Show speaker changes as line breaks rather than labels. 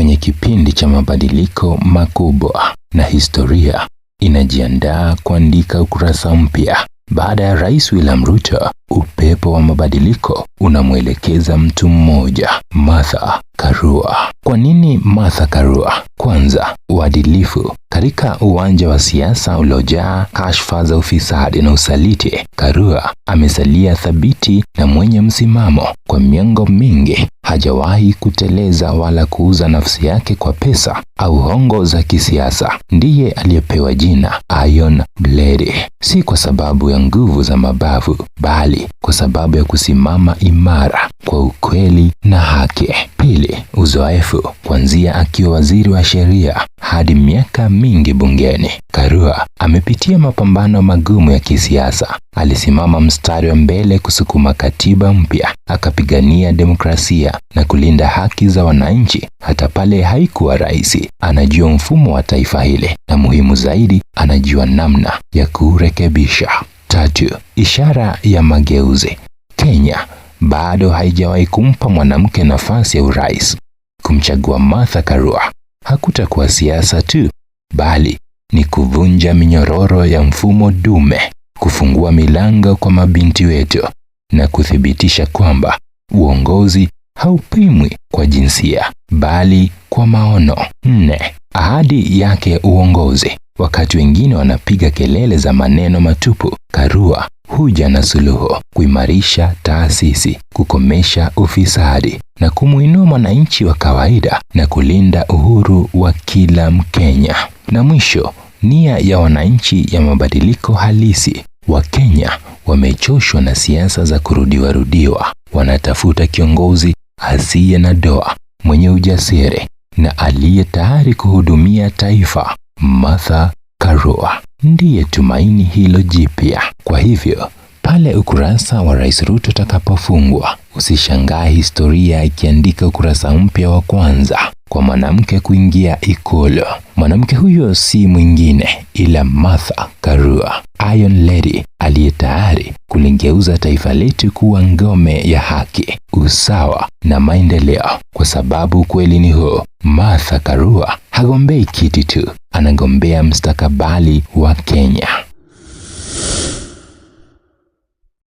kwenye kipindi cha mabadiliko makubwa na historia inajiandaa kuandika ukurasa mpya. Baada ya Rais William Ruto, upepo wa mabadiliko unamwelekeza mtu mmoja, Martha Karua. Kwa nini Martha Karua? Kwanza, uadilifu katika uwanja wa siasa uliojaa kashfa za ufisadi na usaliti, Karua amesalia thabiti na mwenye msimamo. Kwa miongo mingi hajawahi kuteleza wala kuuza nafsi yake kwa pesa au hongo za kisiasa. Ndiye aliyepewa jina Iron Blade, si kwa sababu ya nguvu za mabavu, bali kwa sababu ya kusimama imara kwa ukweli na haki. Pili, uzoefu. Kuanzia akiwa waziri wa sheria hadi miaka mingi bungeni. Karua amepitia mapambano magumu ya kisiasa. Alisimama mstari wa mbele kusukuma katiba mpya, akapigania demokrasia na kulinda haki za wananchi hata pale haikuwa rahisi. Anajua mfumo wa taifa hili na muhimu zaidi, anajua namna ya kurekebisha. Tatu, ishara ya mageuzi. Kenya bado haijawahi kumpa mwanamke nafasi ya urais. Kumchagua Martha Karua hakutakuwa siasa tu, bali ni kuvunja minyororo ya mfumo dume, kufungua milango kwa mabinti wetu na kuthibitisha kwamba uongozi haupimwi kwa jinsia bali kwa maono. Nne, ahadi yake uongozi. Wakati wengine wanapiga kelele za maneno matupu, Karua huja na suluhu: kuimarisha taasisi, kukomesha ufisadi, na kumuinua mwananchi wa kawaida na kulinda uhuru wa kila Mkenya. Na mwisho, nia ya wananchi ya mabadiliko halisi. Wakenya wamechoshwa na siasa za kurudiwa rudiwa, wanatafuta kiongozi asiye na doa, mwenye ujasiri na aliye tayari kuhudumia taifa. Martha Karua ndiye tumaini hilo jipya. Kwa hivyo, pale ukurasa wa Rais Ruto utakapofungwa usishangaa historia ikiandika ukurasa mpya wa kwanza kwa mwanamke kuingia Ikulu. Mwanamke huyo si mwingine ila Martha Karua, Iron Lady, aliye tayari kulingeuza taifa letu kuwa ngome ya haki, usawa na maendeleo, kwa sababu kweli ni huu: Martha Karua hagombei kiti tu, anagombea mstakabali wa Kenya.